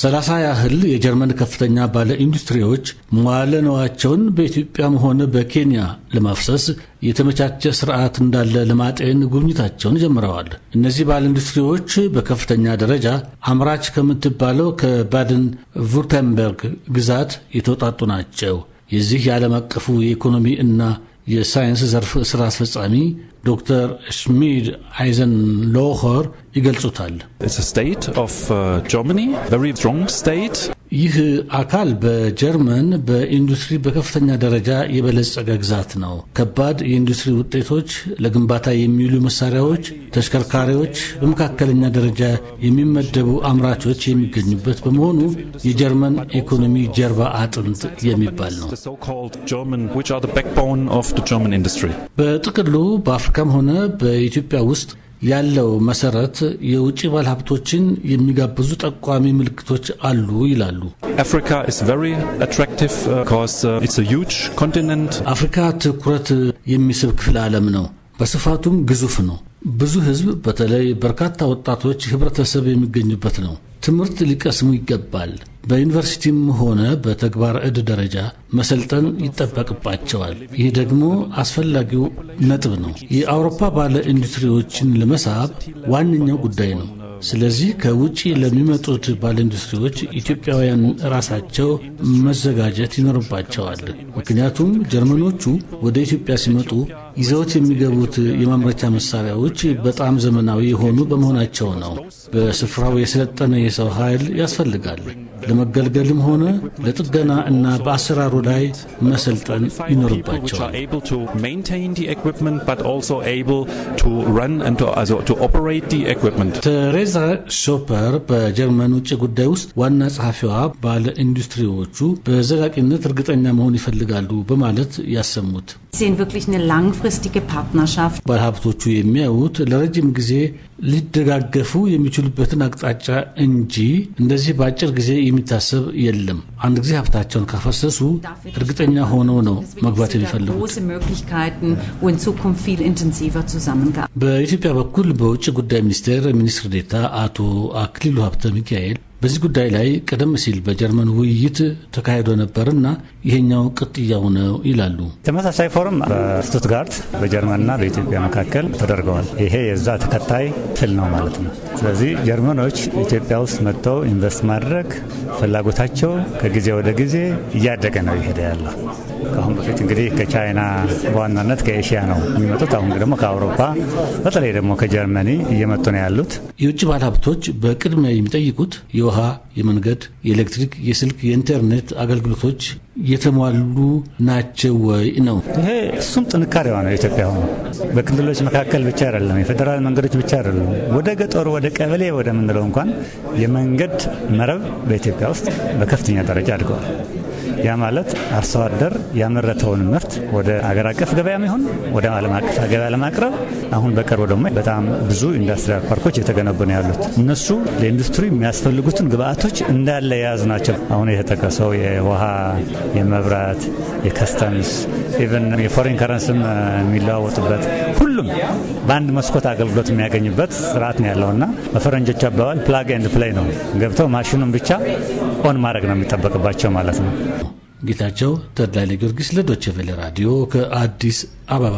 ሰላሳ ያህል የጀርመን ከፍተኛ ባለ ኢንዱስትሪዎች መዋለ በኢትዮጵያ በኢትዮጵያም ሆነ በኬንያ ለማፍሰስ የተመቻቸ ስርዓት እንዳለ ለማጤን ጉብኝታቸውን ጀምረዋል። እነዚህ ባለ ኢንዱስትሪዎች በከፍተኛ ደረጃ አምራች ከምትባለው ከባድን ቩርተምበርግ ግዛት የተውጣጡ ናቸው። የዚህ የዓለም አቀፉ የኢኮኖሚ እና የሳይንስ ዘርፍ ስራ አስፈጻሚ ዶክተር ሽሚድ አይዘን ሎኸር ይገልጹታል። ይህ አካል በጀርመን በኢንዱስትሪ በከፍተኛ ደረጃ የበለጸገ ግዛት ነው። ከባድ የኢንዱስትሪ ውጤቶች፣ ለግንባታ የሚውሉ መሳሪያዎች፣ ተሽከርካሪዎች፣ በመካከለኛ ደረጃ የሚመደቡ አምራቾች የሚገኙበት በመሆኑ የጀርመን ኢኮኖሚ ጀርባ አጥንት የሚባል ነው። በጥቅሉ በአፍሪካም ሆነ በኢትዮጵያ ውስጥ ያለው መሰረት የውጭ ባለሀብቶችን የሚጋብዙ ጠቋሚ ምልክቶች አሉ ይላሉ። uh, uh, አፍሪካ ትኩረት የሚስብ ክፍለ ዓለም ነው። በስፋቱም ግዙፍ ነው። ብዙ ህዝብ በተለይ በርካታ ወጣቶች ህብረተሰብ የሚገኝበት ነው። ትምህርት ሊቀስሙ ይገባል። በዩኒቨርሲቲም ሆነ በተግባር ዕድ ደረጃ መሰልጠን ይጠበቅባቸዋል። ይህ ደግሞ አስፈላጊው ነጥብ ነው። የአውሮፓ ባለ ኢንዱስትሪዎችን ለመሳብ ዋነኛው ጉዳይ ነው። ስለዚህ ከውጭ ለሚመጡት ባለ ኢንዱስትሪዎች ኢትዮጵያውያን ራሳቸው መዘጋጀት ይኖርባቸዋል። ምክንያቱም ጀርመኖቹ ወደ ኢትዮጵያ ሲመጡ ይዘውት የሚገቡት የማምረቻ መሳሪያዎች በጣም ዘመናዊ የሆኑ በመሆናቸው ነው። በስፍራው የሰለጠነ የሰው ኃይል ያስፈልጋል። ለመገልገልም ሆነ ለጥገና እና በአሰራሩ ላይ መሰልጠን ይኖርባቸዋል። ቴሬዛ ሾፐር በጀርመን ውጭ ጉዳይ ውስጥ ዋና ጸሐፊዋ ባለ ኢንዱስትሪዎቹ በዘላቂነት እርግጠኛ መሆን ይፈልጋሉ በማለት ያሰሙት ባለሀብቶቹ የሚያዩት ለረጅም ጊዜ ሊደጋገፉ የሚችሉበትን አቅጣጫ እንጂ እንደዚህ በአጭር ጊዜ የሚታሰብ የለም። አንድ ጊዜ ሀብታቸውን ካፈሰሱ እርግጠኛ ሆነው ነው መግባት የሚፈልጉት። በኢትዮጵያ በኩል በውጭ ጉዳይ ሚኒስቴር ሚኒስትር ዴታ አቶ አክሊሉ ሀብተ ሚካኤል በዚህ ጉዳይ ላይ ቀደም ሲል በጀርመን ውይይት ተካሂዶ ነበርና ይሄኛው ቅጥያው ነው ይላሉ። ተመሳሳይ ፎርም በስቱትጋርት በጀርመንና በኢትዮጵያ መካከል ተደርገዋል። ይሄ የዛ ተከታይ ትል ነው ማለት ነው። ስለዚህ ጀርመኖች ኢትዮጵያ ውስጥ መጥተው ኢንቨስት ማድረግ ፍላጎታቸው ከጊዜ ወደ ጊዜ እያደገ ነው ይሄደ ያለው። ከአሁን በፊት እንግዲህ ከቻይና በዋናነት ከኤሽያ ነው የሚመጡት። አሁን ደግሞ ከአውሮፓ በተለይ ደግሞ ከጀርመኒ እየመጡ ነው ያሉት። የውጭ ባለሀብቶች በቅድሚያ የሚጠይቁት የውሃ፣ የመንገድ፣ የኤሌክትሪክ፣ የስልክ፣ የኢንተርኔት አገልግሎቶች የተሟሉ ናቸው ወይ ነው። ይሄ እሱም ጥንካሬዋ ነው ኢትዮጵያ ሆኖ በክልሎች መካከል ብቻ አይደለም፣ የፌዴራል መንገዶች ብቻ አይደለም። ወደ ገጠሩ ወደ ቀበሌ ወደምንለው እንኳን የመንገድ መረብ በኢትዮጵያ ውስጥ በከፍተኛ ደረጃ አድገዋል። ያ ማለት አርሶ አደር ያመረተውን ምርት ወደ አገር አቀፍ ገበያም ይሁን ወደ ዓለም አቀፍ ገበያ ለማቅረብ አሁን በቅርቡ ደግሞ በጣም ብዙ ኢንዱስትሪያል ፓርኮች የተገነቡ ነው ያሉት። እነሱ ለኢንዱስትሪ የሚያስፈልጉትን ግብአቶች እንዳለ የያዙ ናቸው። አሁን የተጠቀሰው የውሃ፣ የመብራት፣ የከስተምስ ኢቨን የፎሬን ከረንስም የሚለዋወጡበት ሁሉም በአንድ መስኮት አገልግሎት የሚያገኝበት ስርዓት ነው ያለውና በፈረንጆች አባባል ፕላግ ኤንድ ፕላይ ነው። ገብተው ማሽኑን ብቻ ኦን ማድረግ ነው የሚጠበቅባቸው ማለት ነው። ጌታቸው ተድላይ ለጊዮርጊስ ለዶቼ ቬለ ራዲዮ ከአዲስ አበባ